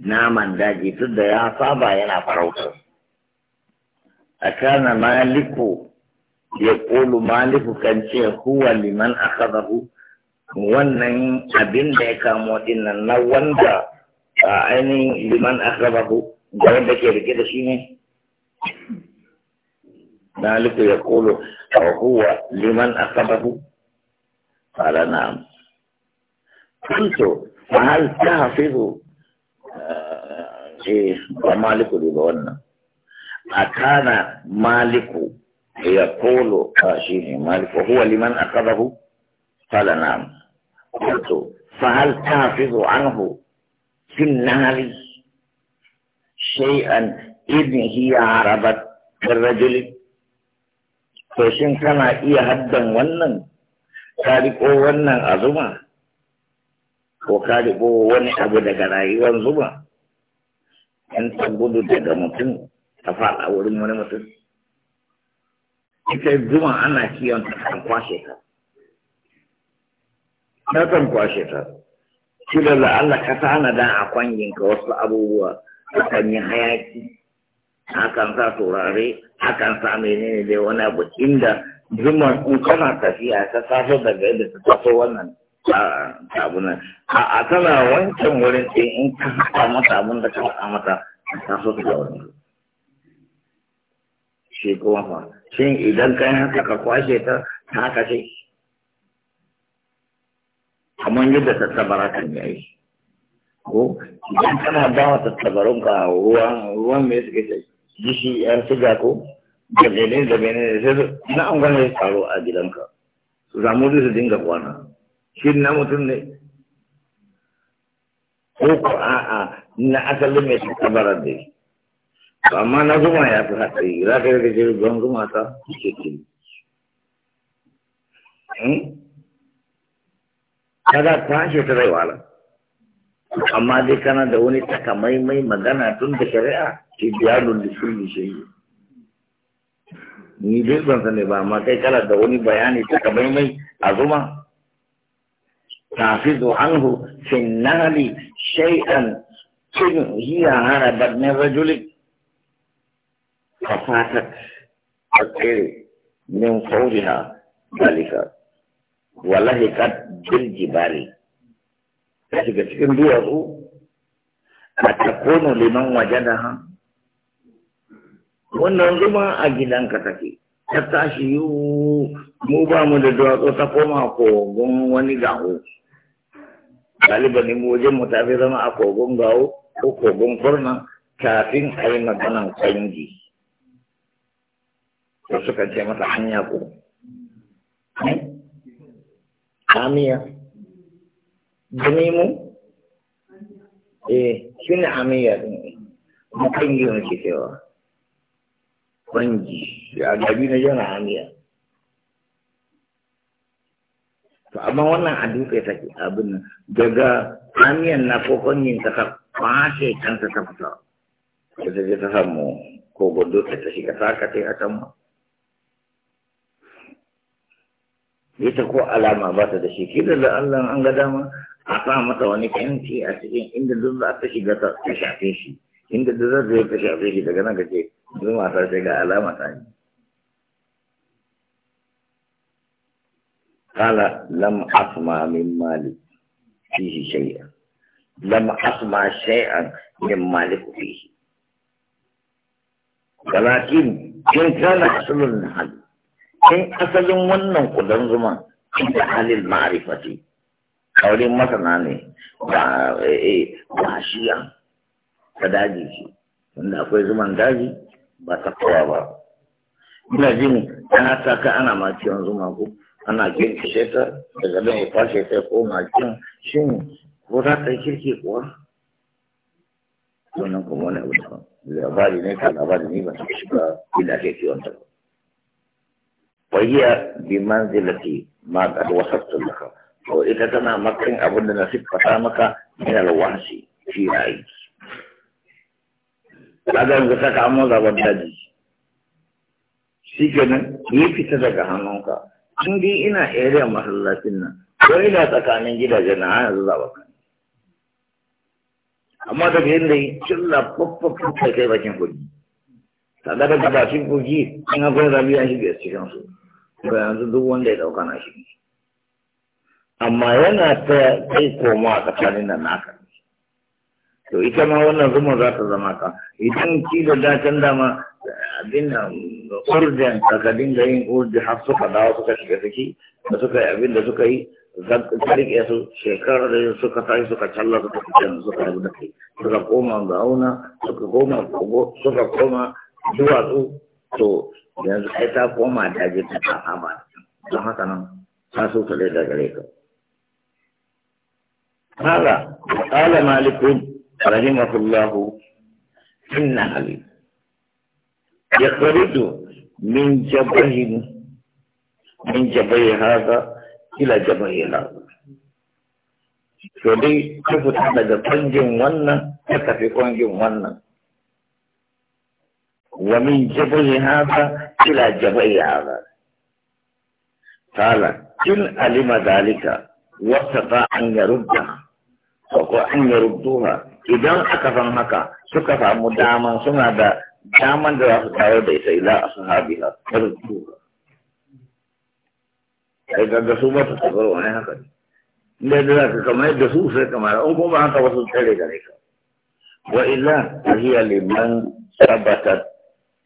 naman daji tun da ya saba yana farautar a kana maliku ya kulu maliku kan ce huwa liman akadahu wannan abin da ya kamo dinnan na wanda a ainihin liman akadahu da wanda ke rike da shi ne maliku ya kulu huwa liman akadahu قال نعم قلت ta hafizu. eh, eh maliku da wannan a kana maliku ya kolo a shi ne maliku huwa liman akabahu fala na'am wato fa hal tafizu anhu fil nari shay'an idin hiya a min rajulin to shin kana iya haddan wannan ka wannan azuma ko ka wani abu daga rayuwar zuba 'yan ta gudu daga mutum ta faɗa wurin wani mutum ita zuma ana kiyon ta kan kwashe ta ta kan kwashe ta shi da Allah ka sana dan a kwanginka wasu abubuwa akan yi hayaki hakan sa turare hakan sa menene dai wani abu inda zuma in kana tafiya ta taso daga yadda ta taso wannan abunan a tana wancan wurin ɗin in ka haɗa mata abin da ka haɗa mata ta so ta wani shi kuma fa shi idan yi haka ka kwashe ta ta haka ce kamar yadda tabara kan yayi ko idan kana ba wa tattabarun ka ruwan ruwan me suke ce gishi yan siga ko da ne da mene sai na an gane faru a gidanka su zamu su dinga kwana shin na mutum ne ko ko a'a na asalin mai tabarar da shi amma na zuma ya fi hatsari za ka yi gajeru don zuma ta ke kiri hmm? kada ta ce ta zai wala amma dai kana da wani takamaimai magana tun da shari'a ke biyarun da shi shi ni dai ban sani ba amma kai kala da wani bayani takamaimai a zuma tafizu anhu fin nahali shay'an cin hiya hana barnin rajulik fasatat a tsere min fauriha dalika wallahi kat jirgi bari ta shiga cikin duwatsu a takonu liman wajen ha wannan zuma a gidan take ta tashi yiwu mu ba da duwatsu ta koma kogon wani gahu galiban in wajen mu ta fi zama a kogon gawo ko kogon kurna kafin a yi maganan kwangi da suka ce mata hanya ko hamiya ganimu eh shi ne hamiya din mu kwangi ne ke cewa kwangi Ya gabi na jana hamiya to amma wannan a dutse take abin daga hanyar na kokon yin ta kwashe kansa ta fita ta je ta samu ko gondo ta ta shiga saka ta yi a can mu. ita ko alama ba ta da shi kila da Allah an ga dama a sa mata wani kyanci a cikin inda duk za ta shiga ta shafe shi inda duk za ta shafe shi daga nan ka ce duk ta sai ga alama ta yi kala lam asma min malik fihi shay'a lam asma shay'an min malik fihi walakin in kana asalun hal in asalin wannan kudan zuma da halin ma'rifati kawalin masana ne ba a ba shiya ta daji shi wanda akwai zuman daji ba ta kowa ba ina jin ta haka ana maciyon zuma ko ana girkishe ta daga nan ya kwashe ta koma jin. shin ko za ta yi kirki kuwa sunan kuma wani abu da labari ne ka labari ne ba ta shiga ke ake kiwon ta wahiya bi manzilati ma qad wasattu laka to ita tana makin abin da na siffata maka da wasi fi ra'ayi kaga yanzu ta kamo zaban daji shi kenan ya fita daga hannunka in bi ina area masallacin nan ko ina tsakanin gidajen na yanzu za ba amma daga yadda yi cilla faffafin kai kai bakin kogi kaga da bakin kogi in akwai rabi an shiga cikin su ba yanzu duk wanda ya dauka na shi amma yana ta kai koma a tsakanin nan naka to ita ma wannan zuma za ta zama ka idan ki da dacen dama abin da urgen ka dinga yin urdi har suka dawo suka shiga ciki da suka yi abin da suka yi karike su shekarar da suka tashi suka challa suka fice suka rabu da kai suka koma gauna suka koma kogo suka koma duwatsu to yanzu kai ta koma daji ta kama don haka nan ta so ta da gare ka قال hala malikun, رحمه الله في النهل يخرج من جبه من جبه هذا إلى جبه هذا فلي كفت ada panjang warna tetapi panjang warna ومن جبه هذا إلى جبه هذا قال إن علم ذلك واستطاع أن يردها أن يردوها idan aka san haka suka samu daman suna da daman da za su da ita ila a sahabi ha kada su ai ga su ba su tabar wani haka ne inda da za ka kamar da su sai kamar an kuma haka wasu tare da ne ka wa illa hiya liman sabatat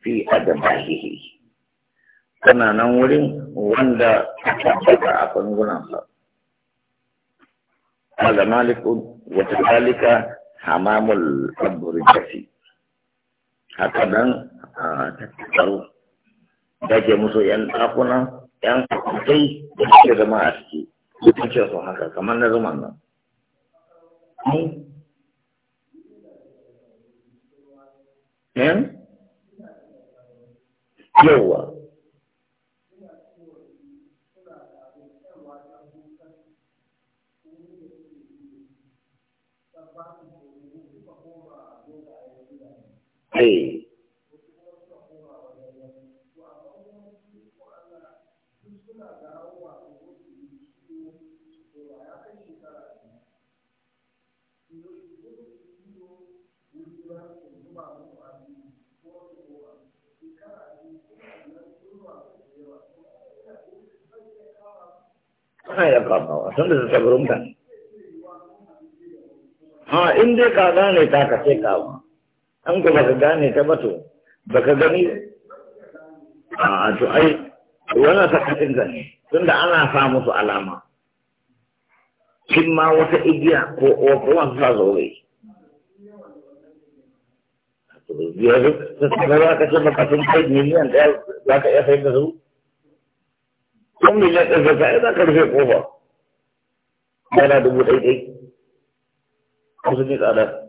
fi adabahihi tana nan wurin wanda tabbata a kungunan sa قال مالك hamamul kasi, haka nan a tattaro da ke musu yan ɗakuna yan kai da suke zama a ciki sun ce su haka kamar na zaman nan yawwa eh ana ya ka ha in dai ka ne ta ka kawo an ka baka gane ta ba to baka gani a to ai wannan sakatin gani tunda ana sa musu alama kin ma wata igiya ko ko wasu sa zobe yanzu da za ka ce baka sun kai miliyan ɗaya za ka iya sayar da su kan miliyan ɗaya za ka za ka rufe kofa yana dubu ɗai ɗai wasu ne tsada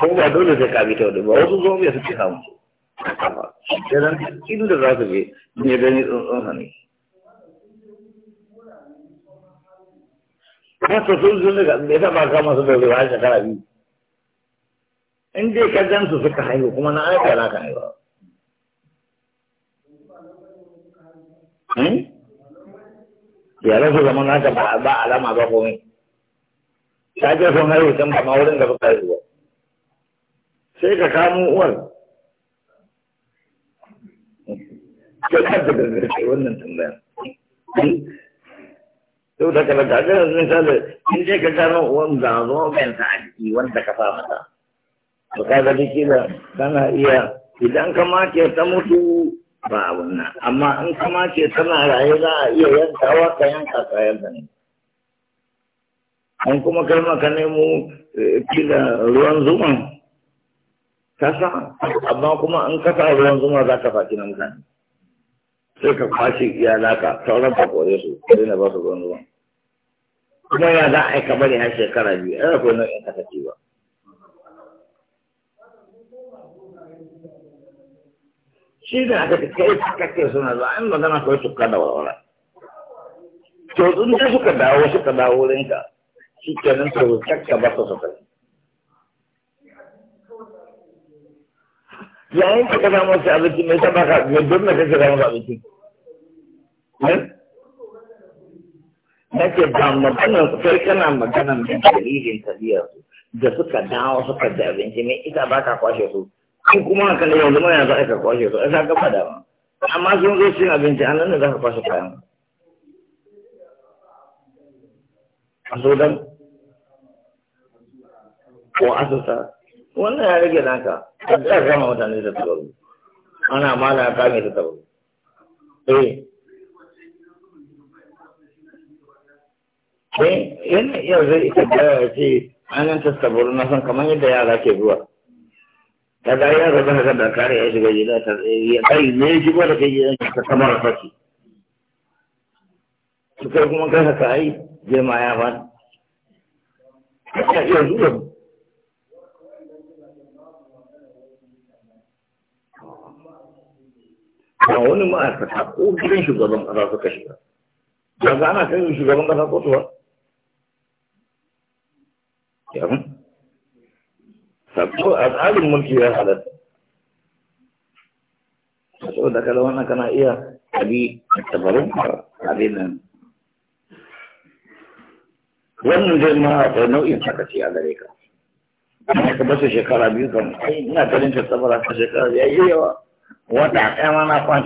ko ba dole sai ka bi ta ba wasu zo mai suke samu da zan inda za su bi ne gani tsuntsun hannu kuma su sun sun daga bai taba kama su da zuwa shekara biyu in dai ka gan su suka haihu kuma na aika na ka haihuwa hmm? yaran su zama ta ba alama ba komai ta ke sun haihu can ba ma wurin da suka haihuwa sai ka kamo uwar kyautar da gargaɗe wannan tambaya sau da kada ta gana sun sa in dai ka gano uwan da zo ta a jiki wanda ka fa mata to ka ga duk da kana iya idan ka mace ta mutu ba a wannan amma in ka mace tana raye za a iya yankawa ka yanka ka yanka ne an kuma kai maka nemo eh, kila ruwan zuman ta sama amma kuma an kasa ruwan zuma za ka faci nan mutane sai ka kwashe iyala ka sauran ka kore su sai na ba su ruwan zuma kuma ya za a yi kamar ya shekara biyu ai akwai nau'in kasa ce ba shi ne aka ce kai kake suna zuwa in magana kawai su kada warwara to in suka dawo suka dawo wurinka shi kenan to kakka ba su su kai yayin da ka samu wasu abinci mai sama ka mai don na kake samu abinci eh? na ce ba maganar kai kana maganar da dalilin tabiyar su da suka dawo suka da abinci mai ita ba ka kwashe su in kuma haka ne yanzu mana za ka kwashe su asa gaba da ba amma sun zo cin abinci an nan za ka kwashe kayan a so dan ko asusa wannan ya rage naka a tsar gama mutane da tsoro ana mala ta kame da tsoro eh eh yana yau zai ita da ce an ta tsoro na san kamar yadda yara ke zuwa ga yara ba ka da kare ya shiga gida ta eh, ya kai ne shi ba da kai yanzu ka kamar fashi su kai kuma kai ka ai jema ya fa ce iya zuwa ba wani ma'aikata ko gidan shugaban ƙasa suka shiga daga ana kai shugaban ƙasa ko tuwa yamin sabo a tsarin mulki ya halatta da kada wannan kana iya abi tabarun abin nan wannan zai ma da nau'in sakaci a gare ka ka basu shekara biyu kan ina ganin ta tsabara ta shekara ya yi yawa wata ɗaya ma na kwan